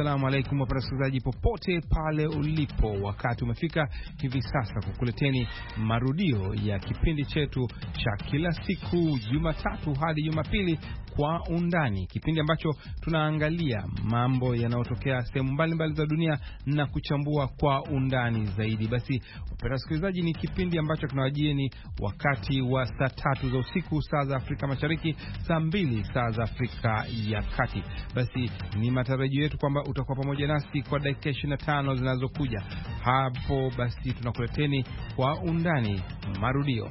Assalamu alaikum wapenda wasikilizaji popote pale ulipo, wakati umefika hivi sasa kukuleteni marudio ya kipindi chetu cha kila siku Jumatatu hadi Jumapili kwa undani, kipindi ambacho tunaangalia mambo yanayotokea sehemu mbalimbali za dunia na kuchambua kwa undani zaidi. Basi wapenda wasikilizaji, ni kipindi ambacho tunawajieni wakati wa saa tatu za usiku saa za Afrika Mashariki, saa mbili saa za Afrika ya Kati. Basi ni matarajio yetu kwamba utakuwa pamoja nasi kwa dakika 25 zinazokuja. Hapo basi tunakuleteni kwa undani marudio.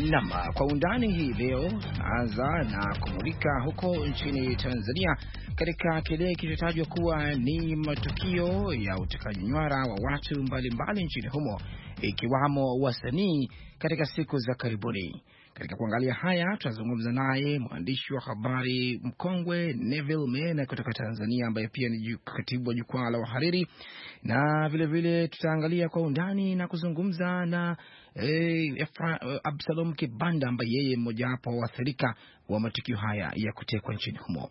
Nam kwa undani hii leo tunaanza na kumulika huko nchini Tanzania, katika kile kilichotajwa kuwa ni matukio ya utekaji nyara wa watu mbalimbali mbali nchini humo, ikiwamo wasanii katika siku za karibuni. Katika kuangalia haya, tunazungumza naye mwandishi wa habari mkongwe Neville Mena kutoka Tanzania, ambaye pia ni katibu wa jukwaa la wahariri, na vilevile tutaangalia kwa undani na kuzungumza na eh, Absalom Kibanda ambaye yeye mmojawapo waathirika wa matukio haya ya kutekwa nchini humo.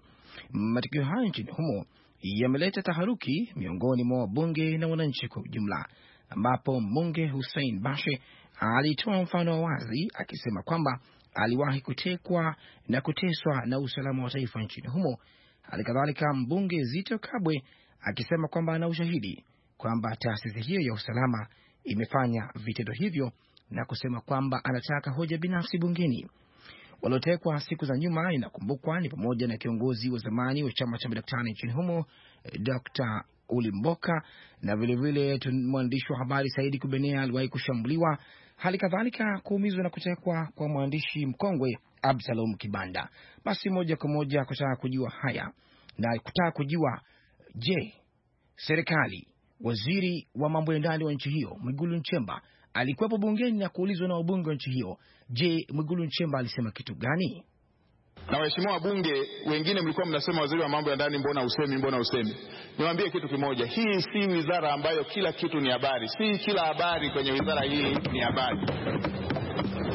Matukio haya nchini humo yameleta taharuki miongoni mwa wabunge na wananchi kwa ujumla, ambapo mbunge Hussein Bashe alitoa mfano wa wazi akisema kwamba aliwahi kutekwa na kuteswa na usalama wa taifa nchini humo. Halikadhalika, mbunge Zito Kabwe akisema kwamba ana ushahidi kwamba taasisi hiyo ya usalama imefanya vitendo hivyo na kusema kwamba anataka hoja binafsi bungeni. Waliotekwa siku za nyuma, inakumbukwa ni pamoja na kiongozi wa zamani wa chama cha madaktari nchini humo Dr. Ulimboka na vilevile mwandishi wa habari Saidi Kubenea aliwahi kushambuliwa hali kadhalika kuumizwa na kutekwa kwa mwandishi mkongwe Absalom Kibanda. Basi moja kwa moja kutaka kujua haya na kutaka kujua je, serikali, waziri wa mambo ya ndani wa nchi hiyo Mwigulu Nchemba alikuwepo bungeni na kuulizwa na wabunge wa nchi hiyo. Je, Mwigulu Nchemba alisema kitu gani? na waheshimiwa wabunge wengine mlikuwa mnasema waziri wa mambo ya ndani mbona usemi mbona usemi niwaambie kitu kimoja hii si wizara ambayo kila kitu ni habari si kila habari kwenye wizara hii ni habari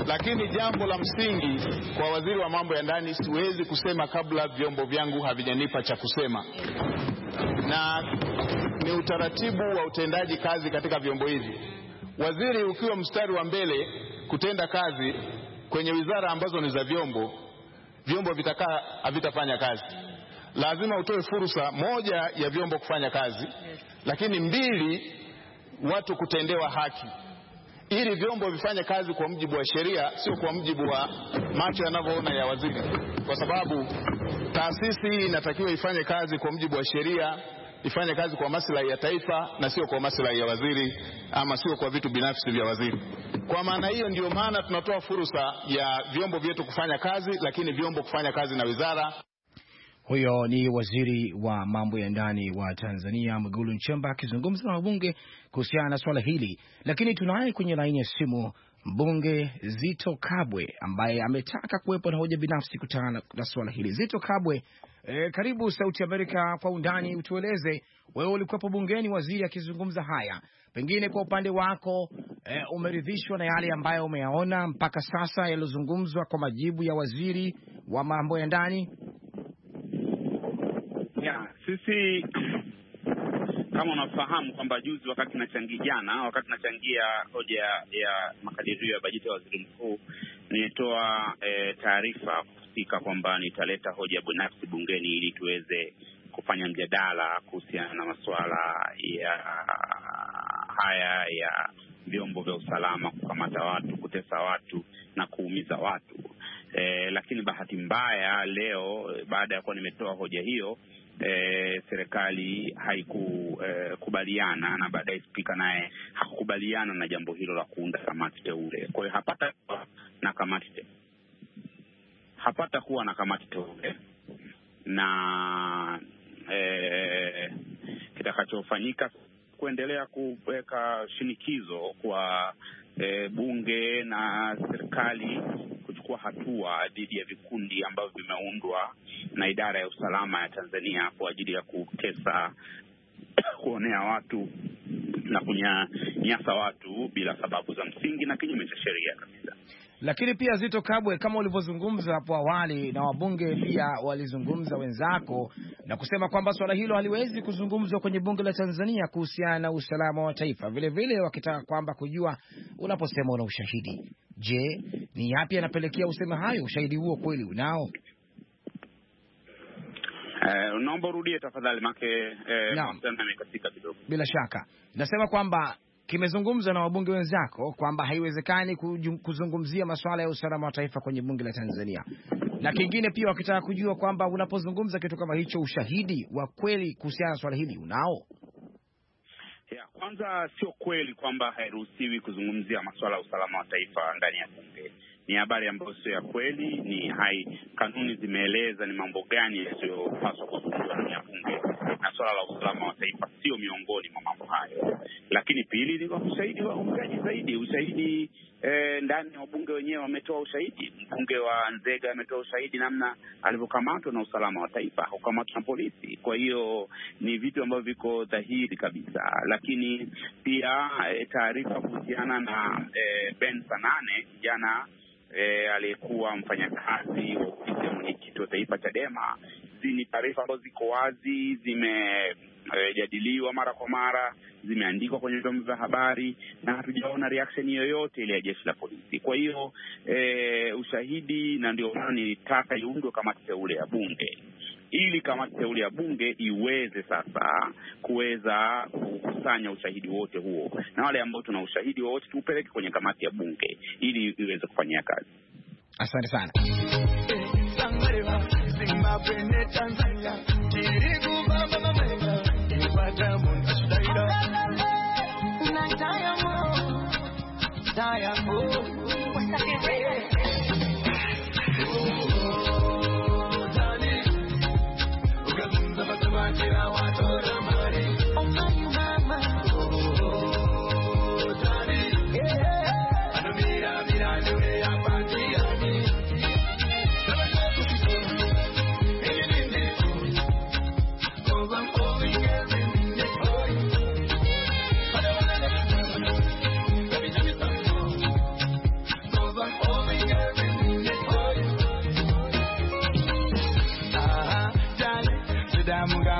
lakini jambo la msingi kwa waziri wa mambo ya ndani siwezi kusema kabla vyombo vyangu havijanipa cha kusema na ni utaratibu wa utendaji kazi katika vyombo hivi waziri ukiwa mstari wa mbele kutenda kazi kwenye wizara ambazo ni za vyombo vyombo vitakaa havitafanya kazi. Lazima utoe fursa moja ya vyombo kufanya kazi, lakini mbili, watu kutendewa haki, ili vyombo vifanye kazi kwa mujibu wa sheria, sio kwa mujibu wa macho yanavyoona ya waziri, kwa sababu taasisi hii inatakiwa ifanye kazi kwa mujibu wa sheria ifanye kazi kwa maslahi ya taifa na sio kwa maslahi ya waziri ama sio kwa vitu binafsi vya waziri. Kwa maana hiyo, ndiyo maana tunatoa fursa ya vyombo vyetu kufanya kazi, lakini vyombo kufanya kazi na wizara. Huyo ni waziri wa mambo ya ndani wa Tanzania Mwigulu Nchemba akizungumza na wabunge kuhusiana na swala hili, lakini tunaye kwenye laini ya simu mbunge Zito Kabwe ambaye ametaka kuwepo na hoja binafsi kutana na suala hili. Zito Kabwe, e, karibu Sauti Amerika kwa undani. Utueleze wewe, ulikuwepo bungeni waziri akizungumza haya, pengine kwa upande wako e, umeridhishwa na yale ambayo umeyaona mpaka sasa yaliyozungumzwa kwa majibu ya waziri wa mambo ya ndani? Ya, sisi kama unafahamu kwamba juzi wakati jana wakati nachangia hoja ya makadirio ya bajeti ya waziri mkuu, nilitoa e, taarifa kuhusika kwamba nitaleta hoja binafsi bungeni ili tuweze kufanya mjadala kuhusiana na masuala ya haya ya vyombo vya usalama kukamata watu, kutesa watu na kuumiza watu. E, lakini bahati mbaya leo baada ya kuwa nimetoa hoja hiyo e, serikali haikukubaliana eh, e, na baadaye spika naye hakukubaliana na jambo hilo la kuunda kamati teule. Kwa hiyo hapata na kamati hapata kuwa na kamati teule na e, kitakachofanyika kuendelea kuweka shinikizo kwa e, bunge na serikali kuchukua hatua dhidi ya vikundi ambavyo vimeundwa na idara ya usalama ya Tanzania kwa ajili ya kutesa, kuonea watu na kunyanyasa watu bila sababu za msingi na kinyume cha sheria kabisa. Lakini pia Zito Kabwe, kama ulivyozungumza hapo awali, na wabunge pia walizungumza wenzako na kusema kwamba suala hilo haliwezi kuzungumzwa kwenye bunge la Tanzania kuhusiana na usalama wa taifa, vilevile wakitaka kwamba kujua unaposema una ushahidi, je, ni yapi yanapelekea useme hayo? Ushahidi huo kweli unao? Eh, naomba urudie tafadhali make eh, amekatika kidogo. Bila shaka nasema kwamba kimezungumzwa na wabunge wenzako kwamba haiwezekani kuzungumzia masuala ya usalama wa taifa kwenye bunge la Tanzania, na kingine pia wakitaka kujua kwamba unapozungumza kitu kama hicho, ushahidi wa kweli kuhusiana na swala hili unao? Ya, kwanza sio kweli kwamba hairuhusiwi kuzungumzia masuala ya usalama wa taifa ndani ya bunge ni habari ambayo sio ya kweli, ni hai. Kanuni zimeeleza ni mambo gani yasiyopaswa kuzungumzwa ya bunge, na swala la usalama wa taifa sio miongoni mwa mambo hayo. Lakini pili ni kwa ushahidi wa undani zaidi, ushahidi eh, ndani ya wabunge wenyewe wametoa ushahidi. Mbunge wa Nzega ametoa ushahidi namna alivyokamatwa na usalama wa taifa, hukamatwa na polisi. Kwa hiyo ni vitu ambavyo viko dhahiri kabisa, lakini pia eh, taarifa kuhusiana na eh, Ben Sanane kijana e, aliyekuwa mfanyakazi wa ofisi ya mwenyekiti wa taifa Chadema. Hizi ni taarifa ambazo ziko wazi, zimejadiliwa e, mara kwa mara, zimeandikwa kwenye vyombo vya habari na hatujaona reaction yoyote ile ya jeshi la polisi. Kwa hiyo e, ushahidi, na ndio maana nilitaka iundwe kamati teule ya bunge ili kamati teuli ya bunge iweze sasa kuweza kukusanya ushahidi wote huo na wale ambao tuna ushahidi wowote tuupeleke kwenye kamati ya bunge ili iweze kufanyia kazi. Asante sana.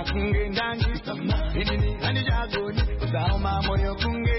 kunge njanji inini anijagoni uzauma moyo inini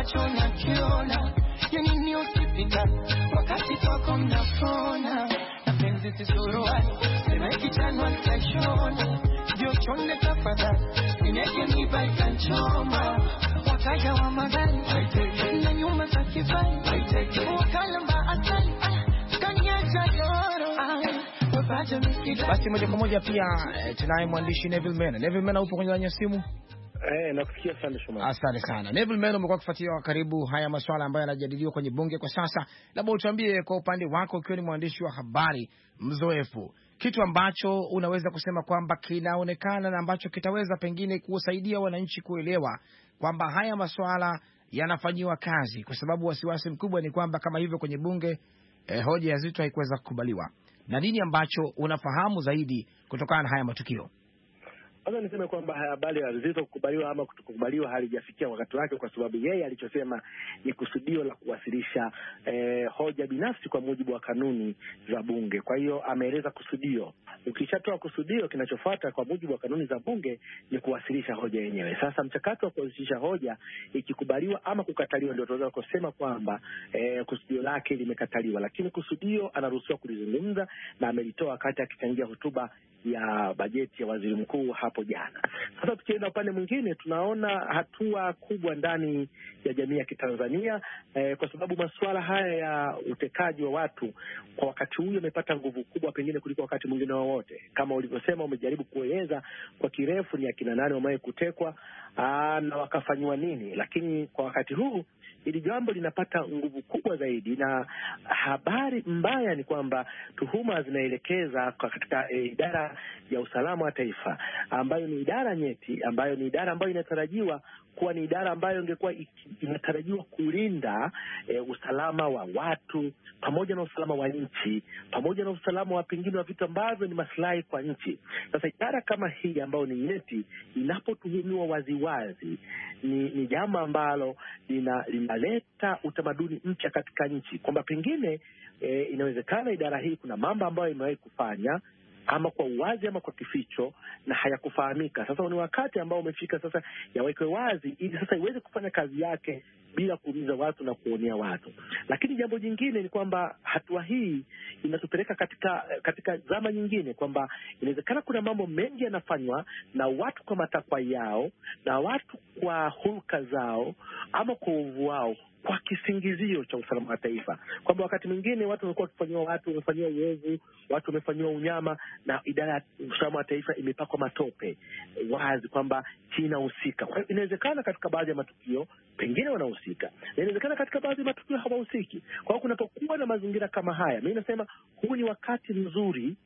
ambacho nakiona, yani ni usipita wakati toko mnafona, na penzi si suruali, sema ikichanwa nitashona, ndio chonde tafadhali, ineke miba itanchoma, wakaja wa magari na nyuma za kifani, wakalamba asali kaniacha doro basi moja kwa moja pia eh, tunaye mwandishi Neville Mena. Neville Mena, upo kwenye laini ya simu? Eh, nakusikia sana Shomari. Asante sana. Neville Melo, umekuwa kufuatia kwa karibu haya masuala ambayo yanajadiliwa kwenye bunge kwa sasa. Labda utuambie kwa upande wako ukiwa ni mwandishi wa habari mzoefu, kitu ambacho unaweza kusema kwamba kinaonekana na ambacho kitaweza pengine kuwasaidia wananchi kuelewa kwamba haya masuala yanafanyiwa kazi, kwa sababu wasiwasi mkubwa ni kwamba kama hivyo kwenye bunge eh, hoja ya Zito haikuweza kukubaliwa. Na nini ambacho unafahamu zaidi kutokana na haya matukio? Kwanza niseme kwamba habari ya Zitto kukubaliwa ama kutokubaliwa halijafikia wakati wake, kwa sababu yeye alichosema ni kusudio la kuwasilisha eh, hoja binafsi kwa mujibu wa kanuni za Bunge. Kwa hiyo ameeleza kusudio. Ukishatoa kusudio, kinachofuata kwa mujibu wa kanuni za Bunge ni kuwasilisha hoja yenyewe. Sasa mchakato wa kuwasilisha hoja ikikubaliwa ama kukataliwa, ndio tunaweza kusema kwamba eh, kusudio lake limekataliwa, lakini kusudio anaruhusiwa kulizungumza na amelitoa wakati akichangia hotuba ya bajeti ya waziri mkuu hapo jana. Sasa tukienda upande mwingine, tunaona hatua kubwa ndani ya jamii ya Kitanzania eh, kwa sababu masuala haya ya utekaji wa watu kwa wakati huu yamepata nguvu kubwa pengine kuliko wakati mwingine wowote. Kama ulivyosema, umejaribu kueleza kwa kirefu ni akina nani wamewahi kutekwa ah, na wakafanyiwa nini, lakini kwa wakati huu hili jambo linapata nguvu kubwa zaidi, na habari mbaya ni kwamba tuhuma zinaelekeza katika e, idara ya usalama wa taifa ambayo ni idara nyeti, ambayo ni idara ambayo inatarajiwa kuwa ni idara ambayo ingekuwa inatarajiwa kulinda e, usalama wa watu pamoja na usalama wa nchi pamoja na usalama wa pengine wa vitu ambavyo ni masilahi kwa nchi. Sasa idara kama hii ambayo ni nyeti inapotuhumiwa waziwazi, ni, ni jambo ambalo linaleta utamaduni mpya katika nchi kwamba pengine e, inawezekana idara hii kuna mambo ambayo imewahi kufanya ama kwa uwazi ama kwa kificho, na hayakufahamika. Sasa ni wakati ambao umefika sasa yawekwe wazi, ili sasa iweze kufanya kazi yake bila kuumiza watu na kuonea watu. Lakini jambo jingine ni kwamba hatua hii inatupeleka katika katika zama nyingine, kwamba inawezekana kuna mambo mengi yanafanywa na watu kwa matakwa yao na watu kwa hulka zao ama kwa uovu wao kwa kisingizio cha usalama wa taifa, kwamba wakati mwingine watu wamekuwa wakifanyiwa, watu wamefanyiwa uovu, watu wamefanyiwa unyama, na idara ya usalama wa taifa imepakwa matope wazi kwamba kinahusika. Kwa hiyo inawezekana katika baadhi ya matukio pengine wanahusika, na inawezekana katika baadhi ya matukio hawahusiki. Kwa hiyo kunapokuwa na mazingira kama haya, mi nasema huu ni wakati mzuri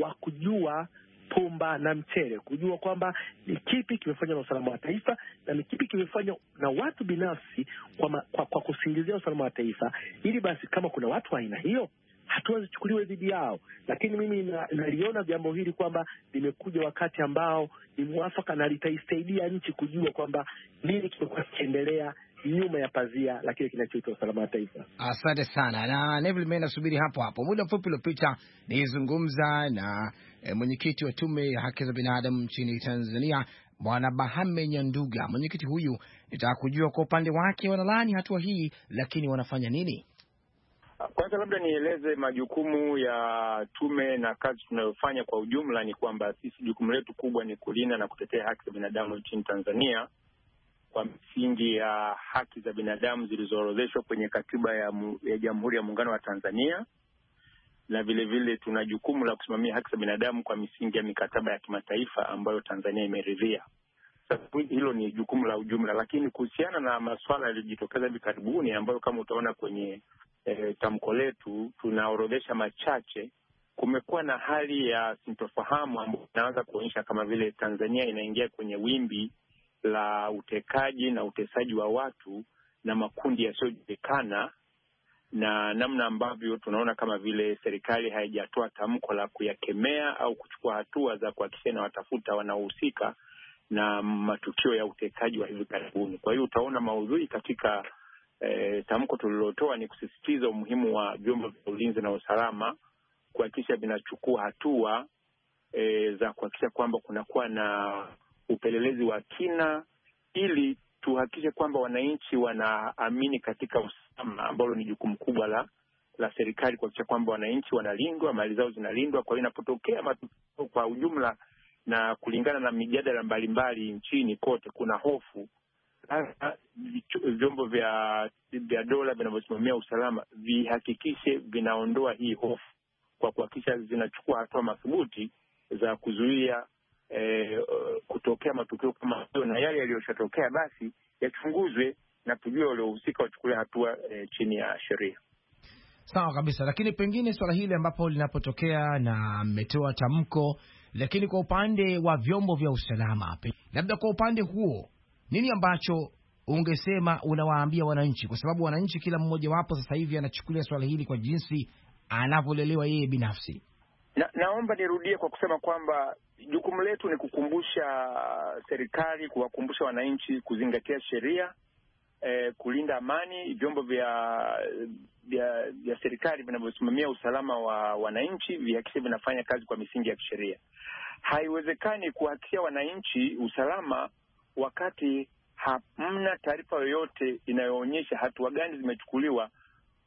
wa kujua pumba na mchele, kujua kwamba ni kipi kimefanywa na usalama wa taifa na ni kipi kimefanywa na watu binafsi kwa, ma, kwa, kwa kusingizia usalama wa taifa, ili basi kama kuna watu wa aina hiyo hatua zichukuliwe dhidi yao. Lakini mimi naliona na jambo hili kwamba limekuja wakati ambao ni mwafaka na litaisaidia nchi kujua kwamba nini kimekuwa kikiendelea nyuma ya pazia la kile kinachoitwa usalama wa taifa. Asante sana na Neville, mimi nasubiri hapo hapo. Muda mfupi uliopita nilizungumza na e, mwenyekiti wa tume ya haki za binadamu nchini Tanzania Bwana Bahame Nyanduga. Mwenyekiti huyu nitaka kujua kwa upande wake wanalaani hatua hii, lakini wanafanya nini? Kwanza labda nieleze majukumu ya tume na kazi tunayofanya kwa ujumla. Ni kwamba sisi jukumu letu kubwa ni kulinda na kutetea haki za binadamu nchini Tanzania, kwa misingi ya haki za binadamu zilizoorodheshwa kwenye katiba ya, ya Jamhuri ya Muungano wa Tanzania, na vilevile tuna jukumu la kusimamia haki za binadamu kwa misingi ya mikataba ya kimataifa ambayo Tanzania imeridhia. Hilo ni jukumu la ujumla, lakini kuhusiana na masuala yaliyojitokeza hivi karibuni ambayo kama utaona kwenye e, tamko letu tunaorodhesha machache, kumekuwa na hali ya sintofahamu ambayo inaanza kuonyesha kama vile Tanzania inaingia kwenye wimbi la utekaji na utesaji wa watu na makundi yasiyojulikana na namna ambavyo tunaona kama vile serikali haijatoa tamko la kuyakemea au kuchukua hatua za kuhakikisha inawatafuta wanaohusika na matukio ya utekaji wa hivi karibuni. Kwa hiyo utaona maudhui katika eh, tamko tulilotoa ni kusisitiza umuhimu wa vyombo vya ulinzi na usalama kuhakikisha vinachukua hatua eh, za kuhakikisha kwamba kunakuwa na upelelezi wa kina ili tuhakikishe kwamba wananchi wanaamini katika usalama, ambalo ni jukumu kubwa la la serikali kuhakikisha kwamba wananchi wanalindwa, mali zao zinalindwa. Kwa hiyo inapotokea matukio kwa ujumla, na kulingana na mijadala mbalimbali nchini kote, kuna hofu sasa vyombo vya vya dola vinavyosimamia usalama vihakikishe vinaondoa hii hofu kwa kuhakikisha zinachukua hatua madhubuti za kuzuia e, kutokea matukio kama hayo na yale yaliyoshatokea basi yachunguzwe na tujue waliohusika wachukulia hatua e, chini ya sheria. Sawa kabisa, lakini pengine swala hili ambapo linapotokea na mmetoa tamko, lakini kwa upande wa vyombo vya usalama, labda kwa upande huo, nini ambacho ungesema unawaambia wananchi, kwa sababu wananchi kila mmoja wapo sasa hivi anachukulia swala hili kwa jinsi anavyolelewa yeye binafsi. Na, naomba nirudie kwa kusema kwamba jukumu letu ni kukumbusha serikali, kuwakumbusha wananchi kuzingatia sheria eh, kulinda amani. Vyombo vya vya, vya serikali vinavyosimamia usalama wa wananchi vihakikishe vinafanya kazi kwa misingi ya kisheria. Haiwezekani kuhakikisha wananchi usalama wakati hamna taarifa yoyote inayoonyesha hatua gani zimechukuliwa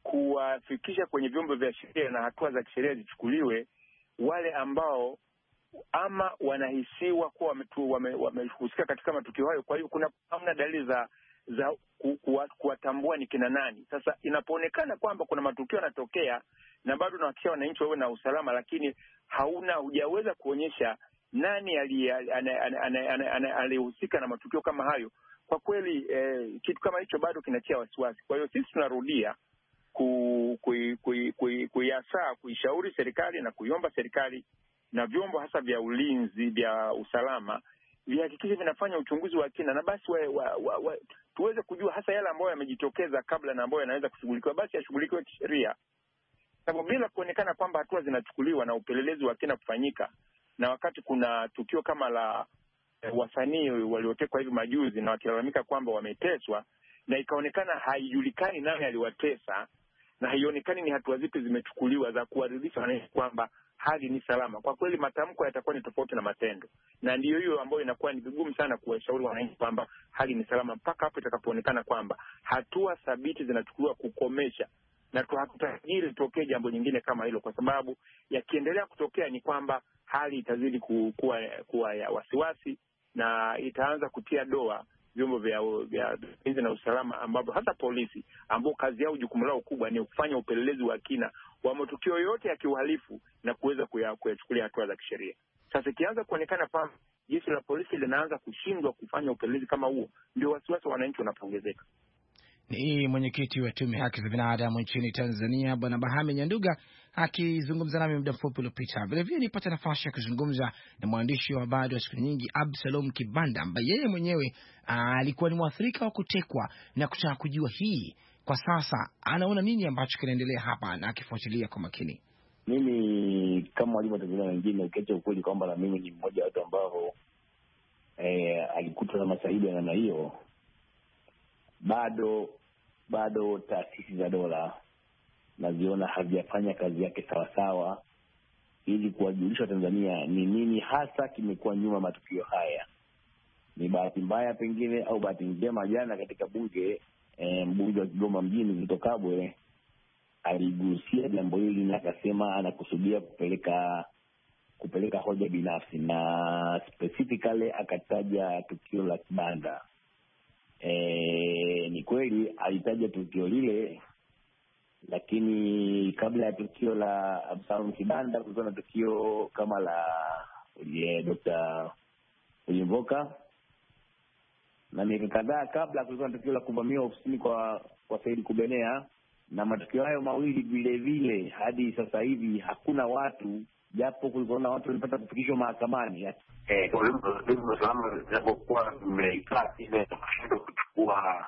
kuwafikisha kwenye vyombo vya sheria na hatua za kisheria zichukuliwe wale ambao ama wanahisiwa kuwa wamehusika wame, katika matukio hayo. Kwa hiyo kuna hamna dalili za za kuwatambua ni kina nani. Sasa inapoonekana kwamba kuna matukio yanatokea na bado unahakikisha wananchi wawe na usalama, lakini hauna hujaweza kuonyesha nani aliyehusika na matukio kama hayo, kwa kweli eh, kitu kama hicho bado kinatia wasiwasi. Kwa hiyo sisi tunarudia kuiasaa kuishauri serikali na kuiomba serikali na vyombo hasa vya ulinzi vya usalama vihakikishe vinafanya uchunguzi wa kina na basi wa, wa, wa, wa, tuweze kujua hasa yale ambayo yamejitokeza kabla na ambayo yanaweza kushughulikiwa, basi yashughulikiwe kisheria, sababu bila kuonekana kwamba hatua zinachukuliwa na upelelezi wa kina kufanyika, na wakati kuna tukio kama la eh, wasanii waliotekwa hivi majuzi na wakilalamika kwamba wameteswa na ikaonekana haijulikani nani aliwatesa na haionekani ni hatua zipi zimechukuliwa za kuwaridhisha wananchi kwamba hali ni salama. Kwa kweli, matamko yatakuwa ni tofauti na matendo, na ndiyo hiyo ambayo inakuwa ni vigumu sana kuwashauri wananchi kwamba hali ni salama mpaka hapo itakapoonekana kwamba hatua thabiti zinachukuliwa kukomesha na hatutarajii litokee jambo nyingine kama hilo, kwa sababu yakiendelea kutokea ni kwamba hali itazidi kuwa, kuwa ya wasiwasi na itaanza kutia doa vyombo vya ulinzi na usalama, ambapo hasa polisi ambao kazi yao jukumu lao kubwa ni kufanya upelelezi wa kina wa matukio yote ya kiuhalifu na kuweza kuyachukulia hatua za kisheria. Sasa ikianza kuonekana kwamba jeshi la polisi linaanza kushindwa kufanya upelelezi kama huo, ndio wasiwasi wananchi wanapoongezeka. Ni mwenyekiti wa tume haki za binadamu nchini Tanzania, Bwana Bahame Nyanduga akizungumza nami muda mfupi uliopita. Vilevile nipata nafasi ya kuzungumza na mwandishi wa habari wa siku nyingi Absalom Kibanda ambaye yeye mwenyewe ah, alikuwa ni mwathirika wa kutekwa na kutaka kujua hii kwa sasa anaona nini ambacho kinaendelea hapa na akifuatilia kwa makini. Mimi kama walivyo Tanzania wengine, ukiacha ukweli kwamba na mimi ni mmoja wa watu ambao eh, alikutwa na masahidi ya namna hiyo bado bado taasisi za dola naziona hazijafanya kazi yake sawasawa ili kuwajulisha Watanzania ni nini hasa kimekuwa nyuma matukio haya. Ni bahati mbaya pengine au bahati njema, jana katika bunge e, mbunge wa Kigoma mjini Zitto Kabwe aligusia jambo hili na akasema anakusudia kupeleka kupeleka hoja binafsi na specifically akataja tukio la Kibanda E, ni kweli alitaja tukio lile, lakini kabla ya tukio la Absalom Kibanda kulikuwa na tukio kama la Dr. Ulimboka na miaka kadhaa kabla kulikuwa na tukio la kuvamia ofisini kwa kwa Said Kubenea, na matukio hayo mawili vilevile hadi sasa hivi hakuna watu japo kulikuwa na watu walipata kufikishwa mahakamani. Usalama zinapokuwa zimeikaa kushindwa kuchukua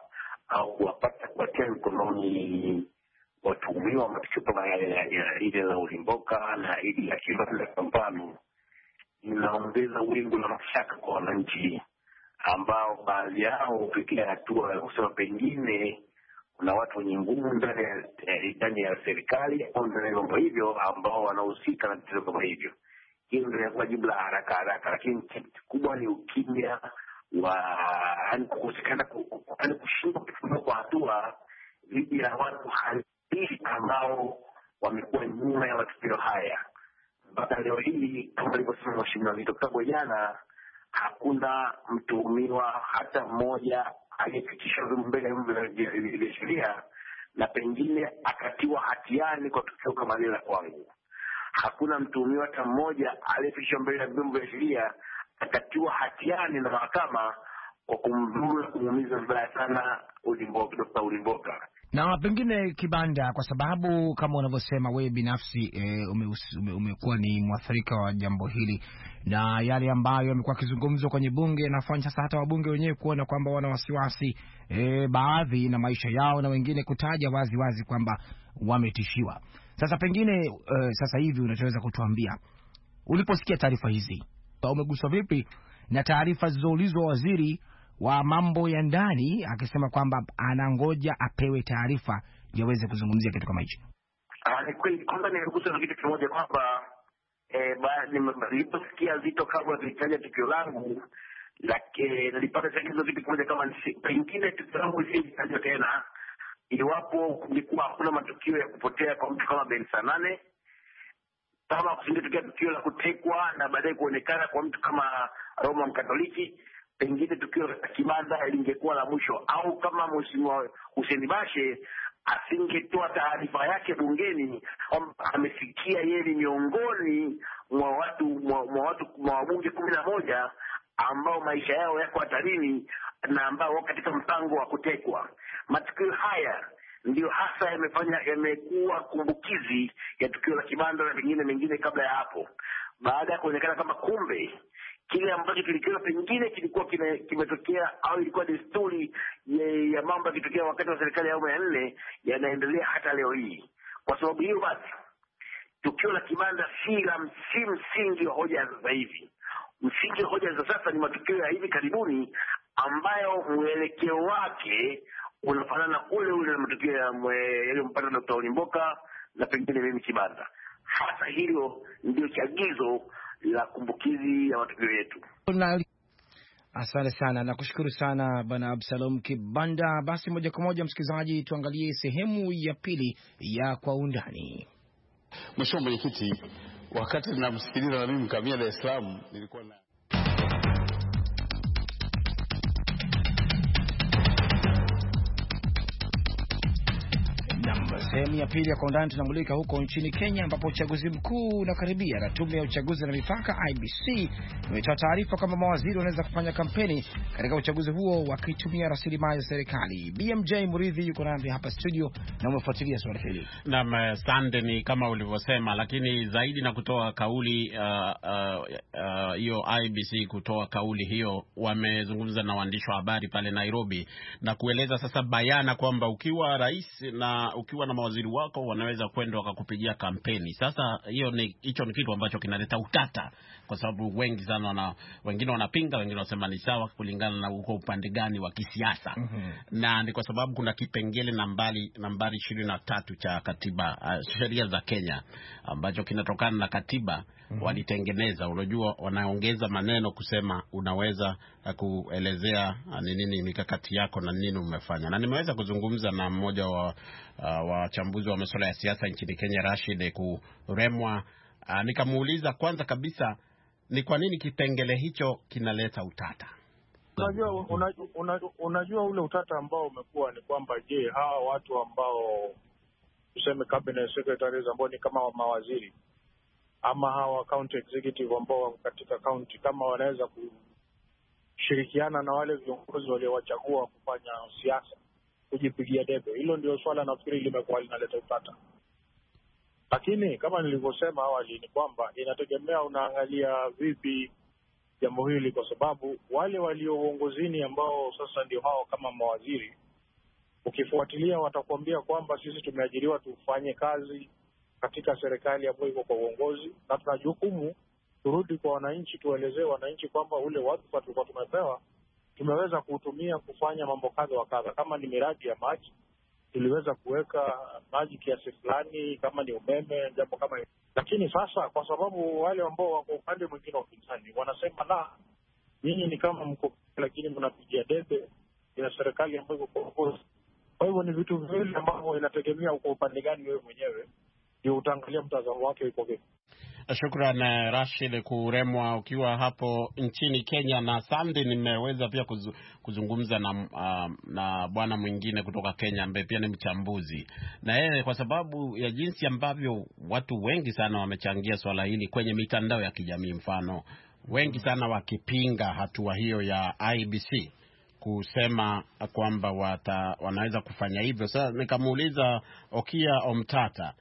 au kuwapata kuwatia mikononi watuhumiwa matukio kama ile la Ulimboka na ili ya Kibanda kwa mfano, inaongeza wingu la mashaka kwa wananchi ambao baadhi yao hufikia hatua ya kusema pengine kuna watu wenye nguvu ndani eh, ndani ya serikali au ndani ya vyombo hivyo ambao wanahusika na tatizo kama hivyo. Hilo ndio inakuwa jibu la haraka haraka, lakini kitu kubwa ni ukimya wa yani kukosekana, yani kushindwa kuchukua kwa hatua dhidi ya watu halisi ambao wamekuwa nyuma ya matukio haya mpaka leo hii. Kama alivyosema Mheshimiwa Vito Kabwe jana, hakuna mtuhumiwa hata mmoja aliyepitishwa mbele ya sheria na pengine akatiwa hatiani kwa tukio kama lile la kwangu. Hakuna mtuhumiwa hata mmoja aliyefikishwa mbele ya vyombo vya sheria akatiwa hatiani na mahakama kwa kumdhuru na kumuumiza vibaya sana Odinga, Dkt na pengine Kibanda, kwa sababu kama unavyosema wewe binafsi e, umekuwa ni mwathirika wa jambo hili na yale ambayo yamekuwa akizungumzwa kwenye bunge nafanya sasa hata wabunge wenyewe kuona kwamba wana wasiwasi e, baadhi na maisha yao, na wengine kutaja wazi wazi kwamba wametishiwa. Sasa pengine e, sasa hivi unachoweza kutuambia, uliposikia taarifa hizi umeguswa vipi na taarifa zilizoulizwa waziri wa mambo ya ndani akisema kwamba anangoja apewe taarifa ndio aweze kuzungumzia kitu kama hicho. Ah, ni kweli, kwanza niligusa na kitu kimoja kwamba eh, niliposikia Zito kabla vilitaja tukio langu, nilipata chagizo kitu kimoja kama pengine tukio langu isijitajwa tena iwapo kulikuwa hakuna matukio ya kupotea kwa mtu kama Ben Sanane kama kusingetokea tukio la kutekwa na baadaye kuonekana kwa mtu kama Roma Mkatoliki pengine tukio la kibanda lingekuwa la mwisho, au kama mheshimiwa Hussein Bashe asingetoa taarifa yake bungeni kwamba amefikia yeye ni miongoni mwa watu mwa watu mwa wabunge kumi na moja ambao maisha yao yako hatarini na ambao wako katika mpango wa kutekwa. Matukio haya ndiyo hasa yamefanya yamekuwa kumbukizi ya tukio la Kibanda na pengine mengine kabla ya hapo, baada ya kuonekana kama kumbe kile ambacho kilikuwa pengine kilikuwa kimetokea au ilikuwa desturi ya mambo yakitokea wakati wa serikali ya awamu ya nne yanaendelea hata leo hii. Kwa sababu hiyo basi, tukio la Kibanda si la si msingi wa hoja za sasa hivi. Msingi wa hoja za sasa ni matukio ya hivi karibuni ambayo mwelekeo wake unafanana ule ule na matukio yaliyompata dokta Olimboka na pengine mimi Kibanda. Hasa hilo ndio chagizo la kumbukizi ya matukio yetu. Asante sana, nakushukuru sana Bwana Absalom Kibanda. Basi moja kwa moja, msikilizaji, tuangalie sehemu ya pili ya kwa undani. Mheshimiwa Mwenyekiti, wakati namsikiliza na mimi kamia Dar es Salaam nilikuwa na Sehemu ya pili ya kwa undani tunamulika huko nchini Kenya, ambapo uchaguzi mkuu unakaribia na tume ya uchaguzi na mipaka IBC imetoa taarifa kwamba mawaziri wanaweza kufanya kampeni katika uchaguzi huo wakitumia rasilimali za serikali. BMJ Murithi yuko nami hapa studio na umefuatilia swala hili. Naam, eh, sande, ni kama ulivyosema, lakini zaidi na kutoa kauli eh, eh, hiyo, uh, uh, uh, IBC kutoa kauli hiyo, wamezungumza na waandishi wa habari pale Nairobi na kueleza sasa bayana kwamba ukiwa rais na ukiwa na mawaziri wako wanaweza kwenda wakakupigia kampeni. Sasa hiyo ni hicho ni kitu ambacho kinaleta utata, kwa sababu wengi sana wana, wengine wanapinga, wengine wanasema ni sawa, kulingana na uko upande gani wa kisiasa mm -hmm. na ni kwa sababu kuna kipengele nambari nambari ishirini na tatu cha katiba uh, sheria za Kenya ambacho kinatokana na katiba mm -hmm. walitengeneza. Unajua, wanaongeza maneno kusema unaweza eh, kuelezea eh, ni nini mikakati yako na nini umefanya, na nimeweza kuzungumza na mmoja wa eh, wachambuzi wa, wa masuala ya siasa nchini Kenya, Rashid Kuremwa, ah, nikamuuliza kwanza kabisa ni kwa nini kipengele hicho kinaleta utata. Unajua, mhm. unajua, unajua, unajua ule utata ambao umekuwa ni kwamba, je, hawa watu ambao tuseme cabinet secretaries ambao ni kama mawaziri ama hawa county executive ambao wako katika county, kama wanaweza kushirikiana na wale viongozi waliowachagua kufanya siasa, kujipigia debe. Hilo ndio swala nafikiri limekuwa linaleta utata, lakini kama nilivyosema awali ni kwamba inategemea unaangalia vipi jambo hili, kwa sababu wale walio uongozini ambao sasa ndio hao kama mawaziri, ukifuatilia watakuambia kwamba sisi tumeajiriwa tufanye kazi katika serikali ambayo iko kwa uongozi, na tuna jukumu turudi kwa wananchi, tuwaelezee wananchi kwamba ule wadhifa tulikuwa tumepewa tumeweza kuutumia kufanya mambo kadha wa kadha. Kama ni miradi ya maji, tuliweza kuweka maji kiasi fulani, kama ni umeme, jambo kama hilo. Lakini sasa kwa sababu wale ambao wako upande mwingine wa upinzani wanasema, la, nyinyi ni kama mko, lakini mnapigia debe ina serikali ambayo iko kwa uongozi. Kwa hivyo ni vitu viwili ambavyo inategemea uko upande gani wewe mwenyewe ndio utaangalia mtazamo wake uko vipi. Shukran Rashid Kuremwa, ukiwa hapo nchini Kenya. Na Sandi, nimeweza pia kuzu, kuzungumza na, uh, na bwana mwingine kutoka Kenya ambaye pia ni mchambuzi, na yeye kwa sababu ya jinsi ambavyo watu wengi sana wamechangia swala hili kwenye mitandao ya kijamii, mfano wengi sana wakipinga hatua hiyo ya IBC kusema kwamba wanaweza kufanya hivyo. Sasa nikamuuliza Okia Omtata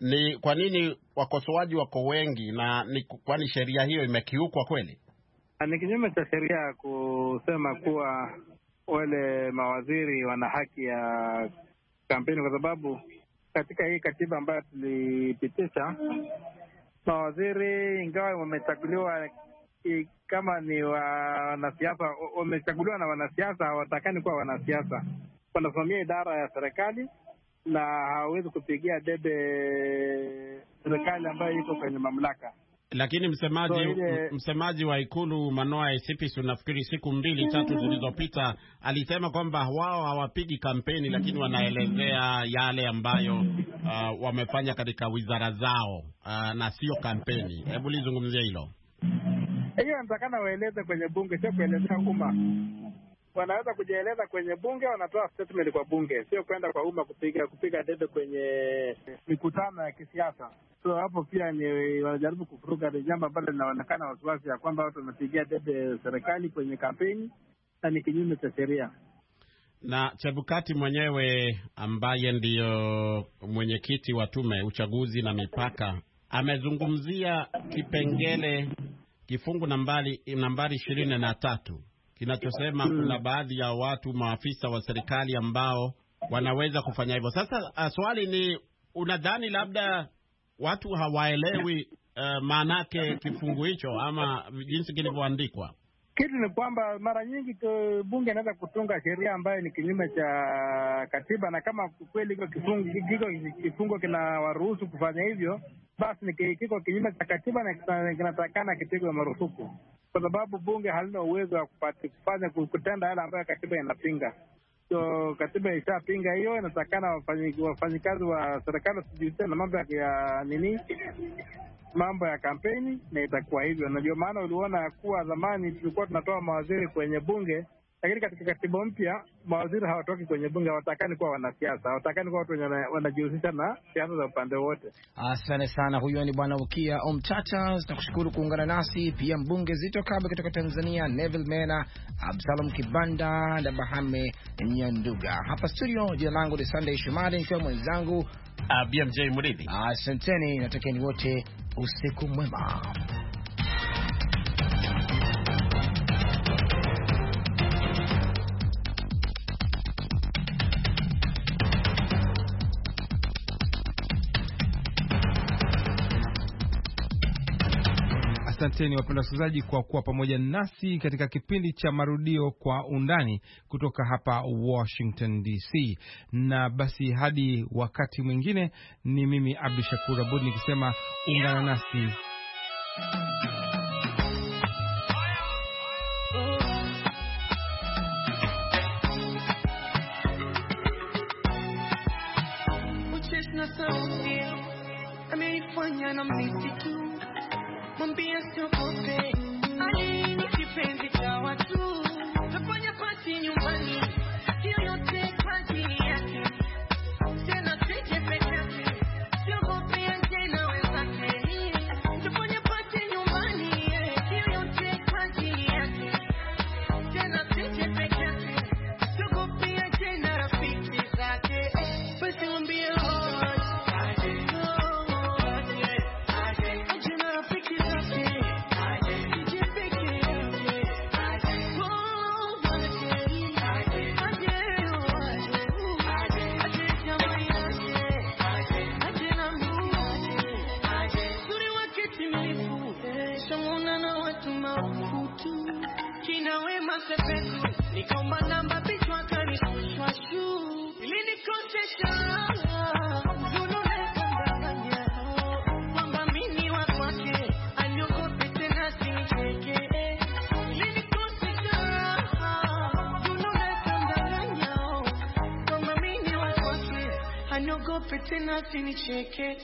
ni kwa nini wakosoaji wako wengi na ni kwani sheria hiyo imekiukwa kweli? Ni kinyume cha sheria kusema kuwa wale mawaziri wana haki ya kampeni, kwa sababu katika hii katiba ambayo tulipitisha mawaziri ingawa wamechaguliwa kama ni wanasiasa, wamechaguliwa na wanasiasa, hawatakani kuwa wanasiasa, wanasimamia idara ya serikali na hawawezi kupigia debe serikali ambayo iko kwenye mamlaka. Lakini msemaji so, ile... msemaji wa ikulu Manoa Esipis, unafikiri siku mbili tatu mm-hmm. zilizopita alisema kwamba wao hawapigi kampeni, lakini mm-hmm. wanaelezea yale ambayo uh, wamefanya katika wizara zao uh, na sio kampeni. Hebu lizungumzia hilo. Hiyo anatakana waeleze kwenye bunge, sio kuelezea umma wanaweza kujieleza kwenye bunge, wanatoa statement kwa bunge, sio kwenda kwa umma kupiga kupiga debe kwenye mikutano ya kisiasa. So hapo pia ni wanajaribu kuvuruga, ni jambo ambalo linaonekana wasiwasi ya kwamba watu wamepigia debe serikali kwenye kampeni na ni kinyume cha sheria. Na Chebukati mwenyewe ambaye ndiyo mwenyekiti wa tume uchaguzi na mipaka amezungumzia kipengele kifungu nambari nambari ishirini na tatu kinachosema hmm. kuna baadhi ya watu maafisa wa serikali ambao wanaweza kufanya hivyo. Sasa ah, swali ni unadhani labda watu hawaelewi uh, maanake kifungu hicho ama jinsi kilivyoandikwa? Kitu ni kwamba mara nyingi bunge inaweza kutunga sheria ambayo ni kinyume cha katiba, na kama kweli hiko kifungo kinawaruhusu kufanya hivyo, basi kiko kinyume cha katiba na kinatakana kitego marufuku kwa sababu bunge halina uwezo wa kufanya kutenda yale ambayo katiba inapinga. So katiba ishapinga hiyo, inatakana wafanyikazi wa serikali wasijihusisha na mambo ya nini, mambo ya kampeni, na itakuwa hivyo, na ndio maana uliona kuwa zamani tulikuwa tunatoa mawaziri kwenye bunge lakini katika katiba mpya mawaziri hawatoki kwenye bunge, hawatakani kuwa wanasiasa, hawatakani kuwa watu wenye wanajihusisha na siasa za upande wote. Asante sana. Huyo ni Bwana Ukia Omtata, tunakushukuru kuungana nasi, pia mbunge Zito Kabe kutoka Tanzania, Neville Mena, Absalom Kibanda na Bahame Nyanduga. Hapa studio, jina langu ni Sunday Shomari nikiwa mwenzangu ah, BMJ Mridhi. Asanteni, natakieni wote usiku mwema. Asanteni wapenda wasikilizaji kwa kuwa pamoja nasi katika kipindi cha marudio kwa undani kutoka hapa Washington DC. Na basi hadi wakati mwingine, ni mimi Abdu Shakur Abud nikisema ungana nasi seni çekecek